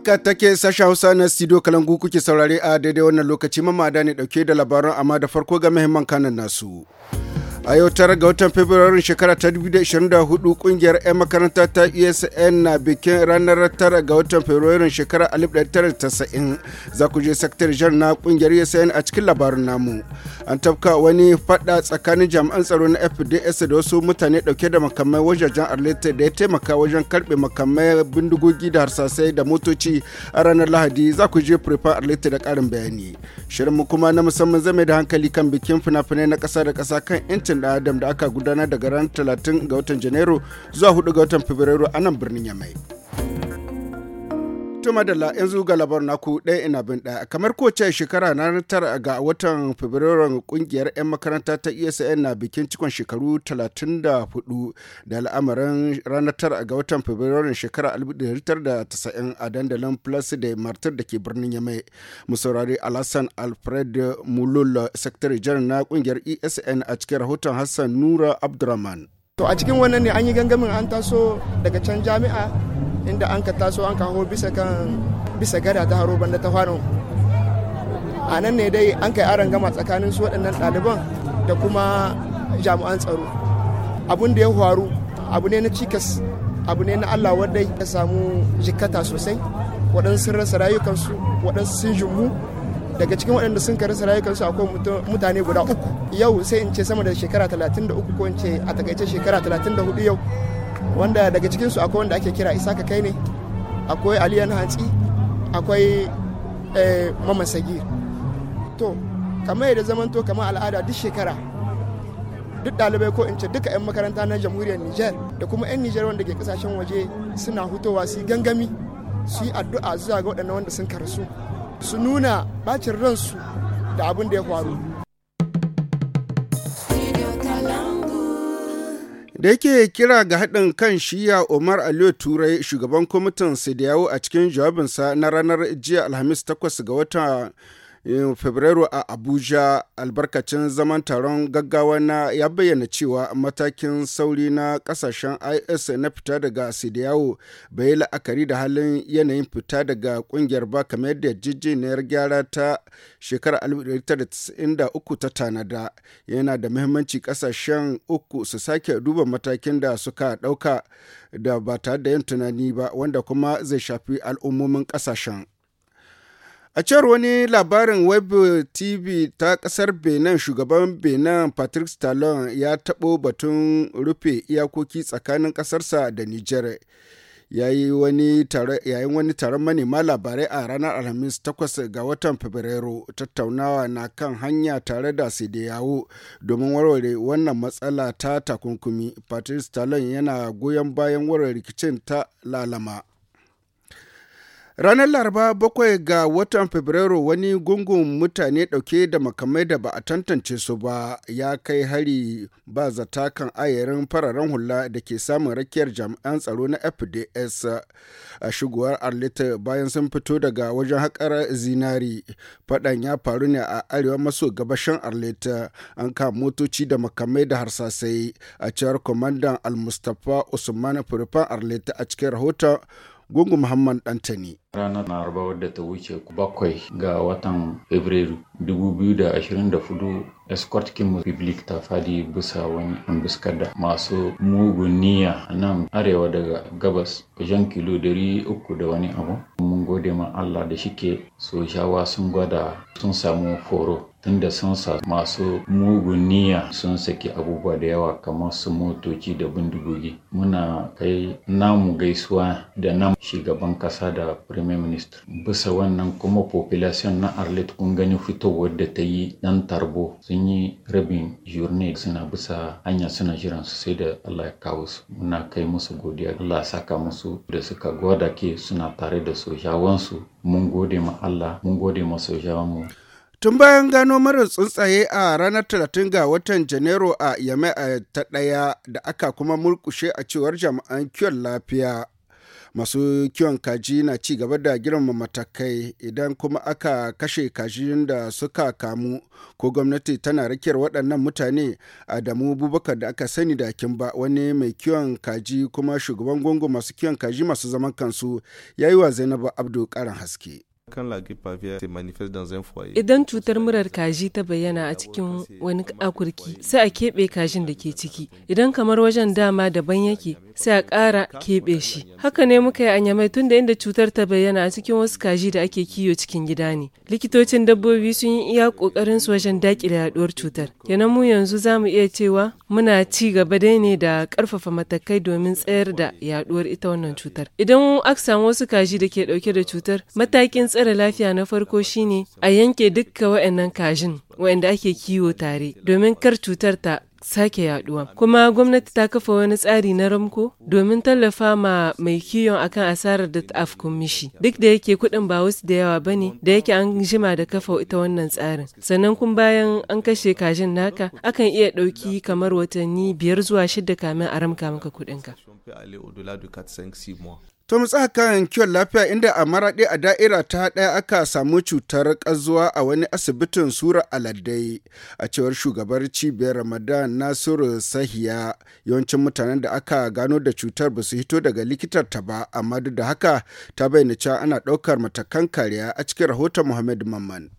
Haka take sasha Hausa na studio Kalangu kuke saurare a daidai wannan lokaci mamada ne dauke da labaran amma da farko ga mahimman kanan nasu. a yau tara ga watan fabrairun shekara ta 2024 kungiyar 'yan makaranta ta esn na bikin ranar tara ga watan fabrairun shekara 1990 za ku je sakatare jan na kungiyar esn a cikin labarin namu an tafka wani fada tsakanin jami'an tsaro na fds da wasu mutane dauke da makamai wajajen arleta da ya taimaka wajen karbe makamai bindigogi da harsasai da motoci a ranar lahadi za ku je prepa arleta da karin bayani shirin mu kuma na musamman zame da hankali kan bikin fina-finai na kasa da kasa kan intanet haƙƙin adam da aka gudanar daga ranar 30 ga watan janairu zuwa 4 ga watan fabrairu a nan birnin yamai. Tuma da yanzu ga labar naku ɗaya ina bin ɗaya kamar kowace shekara na tara ga watan Fabrairun kungiyar 'yan makaranta ta ESN na bikin cikon shekaru 34 da al'amarin ranar tara ga watan Fabrairun shekara 1990 a dandalin Plus de Martir da ke birnin Yamai. Mu saurari Alassan Alfred Mulul, Sakatare Janar na kungiyar ESN a cikin rahoton Hassan Nura Abdurrahman. To a cikin wannan ne an yi gangamin an taso daga can jami'a inda an ka taso an kawo bisa kan bisa gada ta haro banda ta fano a nan ne dai an kai aron gama tsakanin su waɗannan ɗaliban da kuma jami'an tsaro abun da ya faru abu ne na cikas abu ne na allah wadda ya samu jikata sosai waɗansu sun rasa rayukansu waɗansu sun jimu daga cikin waɗanda sun rasa rayukansu akwai mutane guda uku yau sai in ce sama da shekara 33 ko in ce a takaice shekara 34 yau wanda daga cikinsu akwai wanda ake kira isaka kai ne akwai aliyan hantsi akwai eh, maman sagir to kamar yadda zamanto kamar al'ada duk shekara duk ɗalibai ko in ce duka 'yan makaranta na jamhuriyar niger da kuma 'yan niger wanda ke kasashen waje suna hutowa su gangami su yi addu'a zuwa ga waɗannan wanda sun karasu su nuna bacin ransu da abin da ya faru da yake kira ga haɗin kan shiya umar aliyu turai shugaban kwamitin sidiyawo a cikin jawabinsa na ranar jiya alhamis 8 ga watan Fabrairu a Abuja albarkacin zaman taron gaggawa na ya bayyana cewa matakin sauri na kasashen IS na fita daga Sidiyawo bai yi la'akari da halin yanayin fita daga kungiyar ba kamar yadda jijiyar gyara ta shekarar 1993 ta tanada. Yana da mahimmanci kasashen uku su sake duba matakin da suka dauka da ba tare da yin tunani ba wanda kuma zai shafi al'ummomin kasashen. A cewar wani labarin Web TV ta ƙasar Benin, shugaban Benin Patrick Stallone ya taɓo batun rufe iyakoki tsakanin ƙasarsa da Nijar. Yayin wani taron manema labarai a ranar Alhamis 8 ga watan Fabrairu, tattaunawa na kan hanya tare da yawo domin warware wannan matsala ta takunkumi. Patrick Stallone yana goyon bayan warware rikicin ta lalama. Ranar Laraba bakwai ga watan Fabrairu wani gungun mutane ɗauke da makamai da ba a tantance su ba ya kai hari ba zata kan ayarin fararen hula da ke samun rakiyar jami'an tsaro na FDS a shigowar Arlita bayan sun fito daga wajen haƙar zinari. Faɗan ya faru ne a arewa maso gabashin Arlita an kama motoci da makamai da harsasai a cewar kwamandan Al-Mustapha Usman Furfan Arlita a cikin rahoton Gungu Muhammad Dantani. ranar laraba wadda ta wuce bakwai ga watan fabrairu 2024 escort Kim public ta fadi bisa wani ambuskar da masu mugun niyya nan arewa daga gabas wajen kilo uku da wani abu mun gode ma allah da shike shawa sun gwada sun samu foro tunda sun sa masu mugun niyya sun saki abubuwa da yawa kamar su motoci da bindigogi muna kai namu gaisuwa da nan shugaban kasa da prime minister bisa wannan kuma population na arlet kun gani fitowar da ta yi dan tarbo sun yi rabin journey suna bisa hanya suna jiran su sai da allah ya kawo su muna kai musu godiya allah saka musu da suka gwada ke suna tare da sojawansu mun gode ma allah mun gode ma sojawanmu Tun bayan gano marar tsuntsaye a ranar 30 ga watan Janairu a Yame ta ɗaya da aka kuma murkushe a cewar jami'an kiwon lafiya. Masu kiwon kaji na ci gaba da girma matakai idan kuma aka kashe kajin da suka kamu ko gwamnati tana rakiyar waɗannan mutane Adamu Bubakar da aka sani da ba, wani mai kiwon kaji kuma shugaban gungun masu kiwon kaji masu zaman kansu ya yi wa Zainabu Abdu ƙarin haske. Idan cutar murar kaji ta bayyana a cikin wani akurki sai a keɓe kajin da ke ciki. Idan kamar wajen dama daban yake sai a ƙara keɓe shi. Haka ne muka yi anyamai tun da inda cutar ta bayyana a cikin wasu kaji da ake kiyo cikin gida ne. Likitocin dabbobi sun yi iya kokarin su wajen dakile yaɗuwar cutar. Kenan mu yanzu za mu iya cewa muna ci gaba dai ne da ƙarfafa matakai domin tsayar da yaduwar ita wannan cutar. Idan aka samu wasu kaji da ke ɗauke da cutar matakin tsayar tsare lafiya na farko shine a yanke dukka wa'annan kajin wa'anda ake kiwo tare domin kar cutar ta sake yaduwa kuma gwamnati ta kafa wani tsari na ramko domin tallafa ma mai kiyon akan asarar da ta mishi duk da yake kuɗin ba wasu da yawa bane da yake an jima da kafa ita wannan tsarin sannan kun bayan an kashe kajin naka akan iya ɗauki kamar watanni biyar zuwa shidda kamin a ramka maka kuɗinka To mu kan kiwon lafiya inda a maraɗe a da'ira ta ɗaya aka samu cutar ƙazuwa a wani asibitin Sura Aladdai a cewar shugabar cibiyar Ramadan Nasiru Sahiya yawancin mutanen da aka gano da cutar ba su hito daga likitar ta ba amma duk da haka ta bayyana cewa ana ɗaukar matakan kariya a cikin rahoton Muhammad Mamman.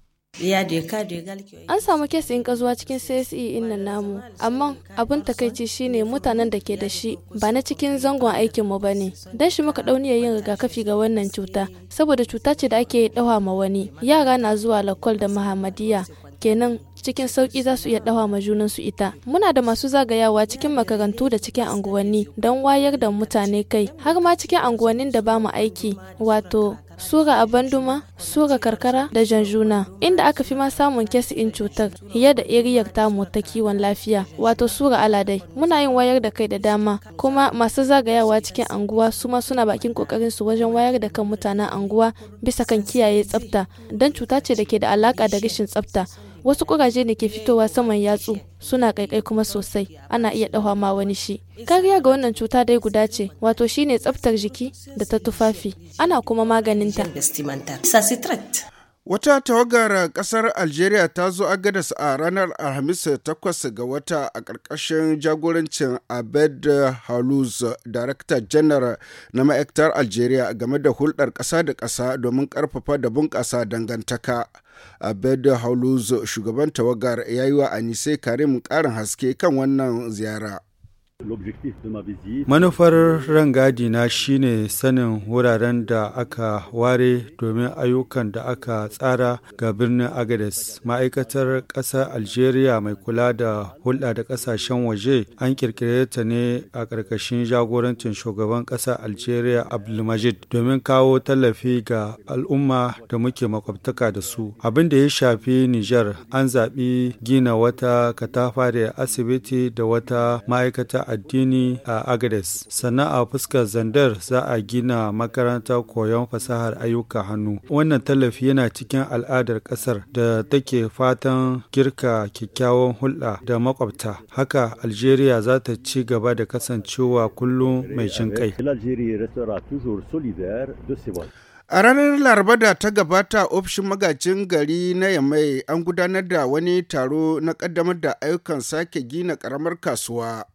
An samu kes in kazuwa cikin CSE in nan namu, amma abin takaici shine mutanen da ke da shi ba na cikin zangon aikinmu ba ne Dan shi muka ɗauniya yin rigakafi ga wannan cuta, saboda cuta ce da ake dawa ma wani. Yara na zuwa lakol da Muhammadiya, kenan cikin sauki za su iya dawa ma junansu ita. Muna da masu zagayawa cikin makarantu da cikin anguwanni don wayar da mutane kai har ma cikin anguwannin da ba mu aiki wato sura a banduma sura karkara da janjuna inda aka fi ma samun in cutar fiye da iriyar tamu ta kiwon lafiya wato sura aladai muna yin wayar da kai da dama kuma masu zagayawa cikin anguwa su ma suna bakin kokarin su wajen wayar da kan mutanen anguwa bisa kan kiyaye tsafta don cuta ce da ke da alaka da rashin tsafta Wasu ƙuraje ne ke fitowa saman yatsu suna ƙaiƙai kuma sosai ana iya dawa ma wani shi. Kariya ga wannan cuta dai guda ce wato shine tsaftar jiki da ta tufafi ana kuma maganinta. Wata tawagar ƙasar Algeria ta zo Agadas a ranar Alhamis 8 ga wata a ƙarƙashin jagorancin Abed Halouz, Darakta Janaral na ma'aikatar Algeria game da hulɗar ƙasa da ƙasa domin ƙarfafa da bunƙasa dangantaka. Abed Halouz, shugaban tawagar, ya yi wa Anise Karim ƙarin haske kan wannan ziyara. Manufar rangadi na shine sanin wuraren da aka ware domin ayyukan da aka tsara ga birnin Agades. Ma'aikatar ƙasar Algeria mai kula da hulɗa da ƙasashen waje an ƙirƙire ta ne a ƙarƙashin jagorancin shugaban ƙasar Algeria Abdulmajid domin kawo tallafi ga al'umma da muke makwabtaka da su. Abin da ya shafi Nijar an zaɓi gina wata katafare asibiti da wata ma'aikata addini a agades sannan a fuskar zandar za a gina makaranta koyon fasahar ayyuka hannu wannan tallafi yana cikin al'adar kasar da take fatan girka kyakkyawan hulɗa da makwabta haka algeria za ta ci gaba da kasancewa kullum mai jin kai A ranar Laraba da ta gabata ofishin magajin gari na Yamai an gudanar da wani taro na kaddamar da ayyukan sake gina karamar kasuwa.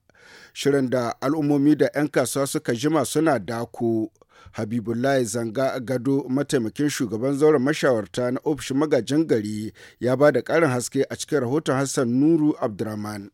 shirin da al'ummomi da 'yan kasuwa suka jima suna dako. Habibullahi Zanga Gado mataimakin shugaban zauren mashawarta na ofishin magajin gari ya ba da ƙarin haske a cikin rahoton Hassan Nuru Abdurrahman.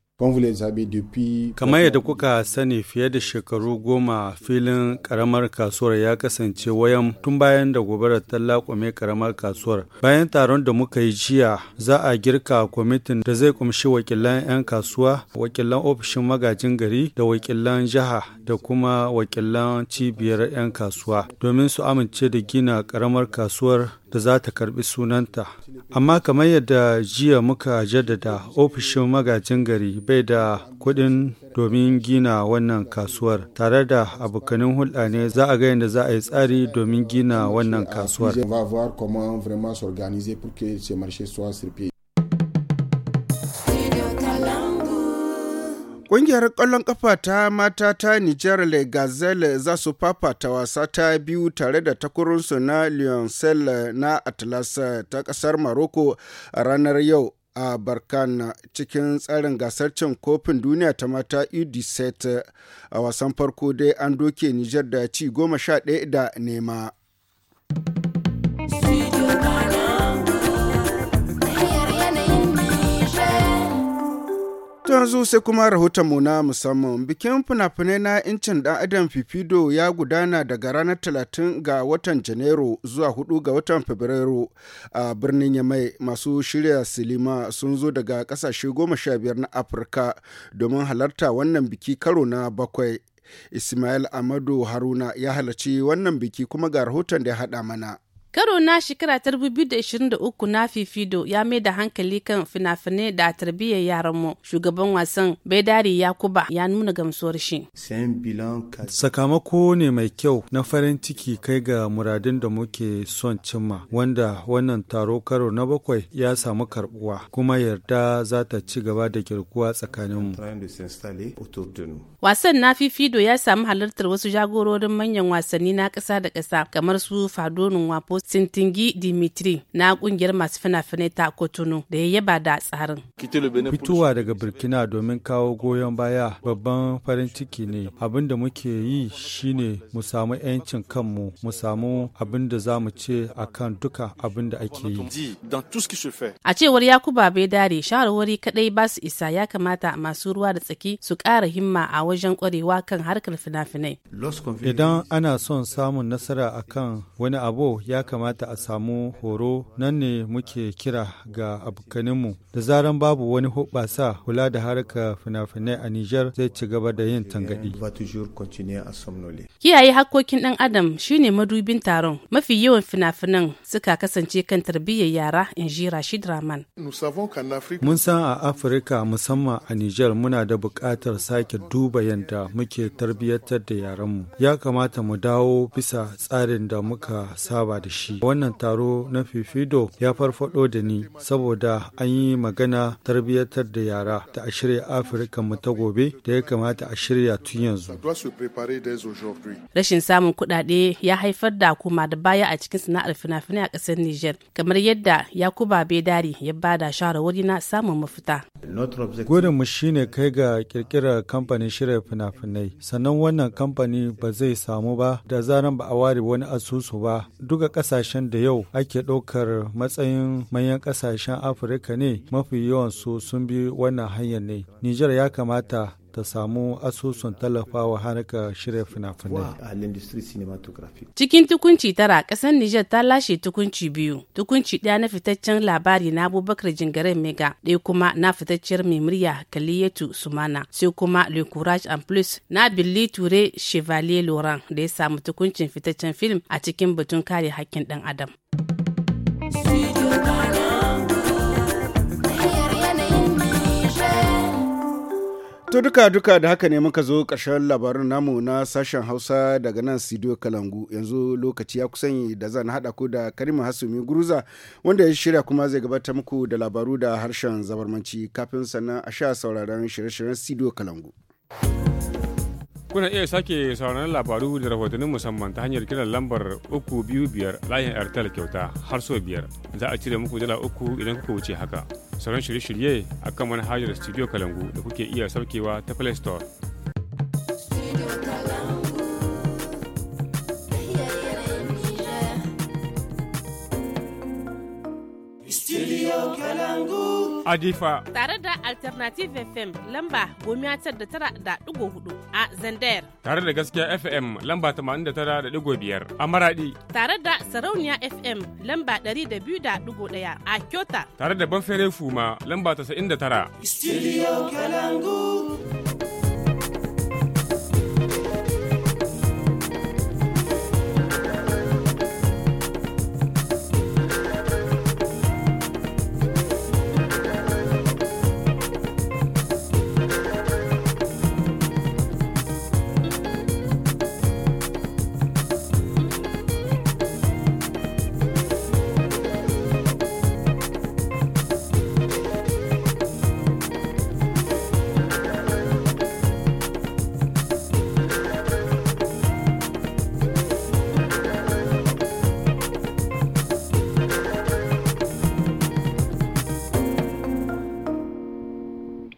Kamar yadda kuka sani fiye da shekaru goma filin karamar kasuwar ya kasance wayan tun bayan da gobarar ta laƙume karamar kasuwar. Bayan taron da muka yi jiya za a girka kwamitin da zai kumshi wakilan 'yan kasuwa, wakilan ofishin magajin gari da wakilan jiha da kuma wakilan cibiyar 'yan kasuwa domin su amince da gina karamar kasuwar da za ta karbi sunanta amma kamar yadda jiya muka jaddada ofishin magajin gari bai da kuɗin domin gina wannan kasuwar tare da abokanin hulɗa ne za a ga yadda za a yi tsari domin gina wannan kasuwar Ƙungiyar ƙwallon ƙafa ta mata ta Nijar Le Gazelle za su fafata wasa ta biyu tare da takurunsu na Lyoncel na Atlas ta ƙasar Morocco a ranar yau a Barkan cikin tsarin gasar cin kofin duniya ta mata UDSET a wasan farko dai an doke Nijar da ci goma sha ɗaya da nema. To yanzu sai kuma rahotonmu na musamman bikin fina-finai na incin dan adam fifido ya gudana daga ranar 30 ga watan Janairu zuwa 4 ga watan Fabrairu a birnin Yamai masu shirya silima sun zo daga ƙasashe 15 na Afirka domin halarta wannan biki karo na bakwai. Ismail Amadu Haruna ya halarci wannan biki kuma ga rahoton da ya haɗa mana. Karo na shekara ta 2023 na Fifido ya mai da hankali kan fina-finai da tarbiyyar mu Shugaban wasan Baidari Yakuba ya nuna gamsuwar shi. Sakamako ne mai kyau na farin ciki kai ga muradin da muke son cimma wanda wannan taro karo na bakwai ya samu karbuwa kuma yarda za ta ci gaba da girkuwa tsakaninmu. Wasan na fifido ya samu halartar wasu jagororin manyan wasanni na ƙasa da ƙasa kamar su Fadonin Wapo Sintingi Dimitri na ƙungiyar masu fina-finai ta kotunu da ya yaba da tsarin. Fitowa daga Burkina domin kawo goyon baya babban farin ciki ne. Abin da muke yi shine mu samu 'yancin kanmu, mu samu abin da za mu ce akan duka abin da ake yi. A cewar Yakuba dare shawarwari kadai ba su isa ya kamata masu ruwa da tsaki su ƙara himma a wajen kwarewa kan harkar fina-finai. Idan ana son samun nasara a kan wani abu ya kamata a samu horo nan ne muke kira ga abokaninmu. Da zaran babu wani hubasa kula da harkar fina-finai a Nijar zai ci gaba da yin tangadi. Kiyaye hakkokin ɗan Adam shine madubin taron. Mafi yawan fina-finan suka kasance kan tarbiyyar yara in ji Rashid Rahman. Mun san a Afirka musamman a Nijar muna da buƙatar sake duba wayanda muke tarbiyyatar da yaranmu ya kamata mu dawo bisa tsarin da muka saba da shi wannan taro na fifido ya farfado da ni saboda an yi magana tarbiyyatar da yara da a shirya afirka mu ta gobe da ya kamata a shirya tun yanzu rashin samun kuɗaɗe ya haifar da kuma da baya a cikin sana'ar fina-finai a ƙasar niger kamar yadda yakuba bedari ya bada shawarwari na samun mafita Gurinmu shi ne kai ga kirkirar kamfanin shirya fina-finai, sannan wannan kamfani ba zai samu ba da zaran ba a ware wani asusu ba. Duka kasashen da yau ake ɗaukar matsayin manyan kasashen Afirka ne mafi yawan su sun bi wannan hanyar ne. Nijar ya kamata ta samu asusun tallafawa harkar shirya fina-finai. Cikin tukunci tara ƙasar Nijar ta lashe tukunci biyu, tukunci ɗaya na fitaccen labari na Abubakar Jingaren Mega, ɗaya kuma na fitacciyar mai murya Kaliyatu Sumana, sai kuma Le Courage en Plus na Billy Ture Chevalier Laurent da ya samu tukuncin fitaccen fim a cikin batun kare hakkin ɗan Adam. To duka duka da haka ne muka zo ƙarshen labarin namu na sashen Hausa daga nan studio Kalangu yanzu lokaci ya kusan da zan haɗa ku da Karima Hasumi Guruza wanda ya shirya kuma zai gabatar muku da labaru da harshen zabarmanci kafin sannan a sha sauraron shirye-shiryen studio Kalangu. Kuna iya sake sauraron labaru da rahotannin musamman ta hanyar kiran lambar 325 layin Airtel kyauta har so biyar za a cire muku dala uku idan kuka wuce haka. sauran shirye-shirye a kan manhajar Studio Kalangu da kuke iya saukewa ta Play Store. Adifa. Tare da Alternative FM lamba gomiya da tara da ɗigo hudu. a Zender. Tare da gaskiya FM lamba 89.5 a Maradi. Tare da Sarauniya FM lamba 200.1 a Kyota. Tare da Banfere Fuma lamba 99. Studio Kalangu.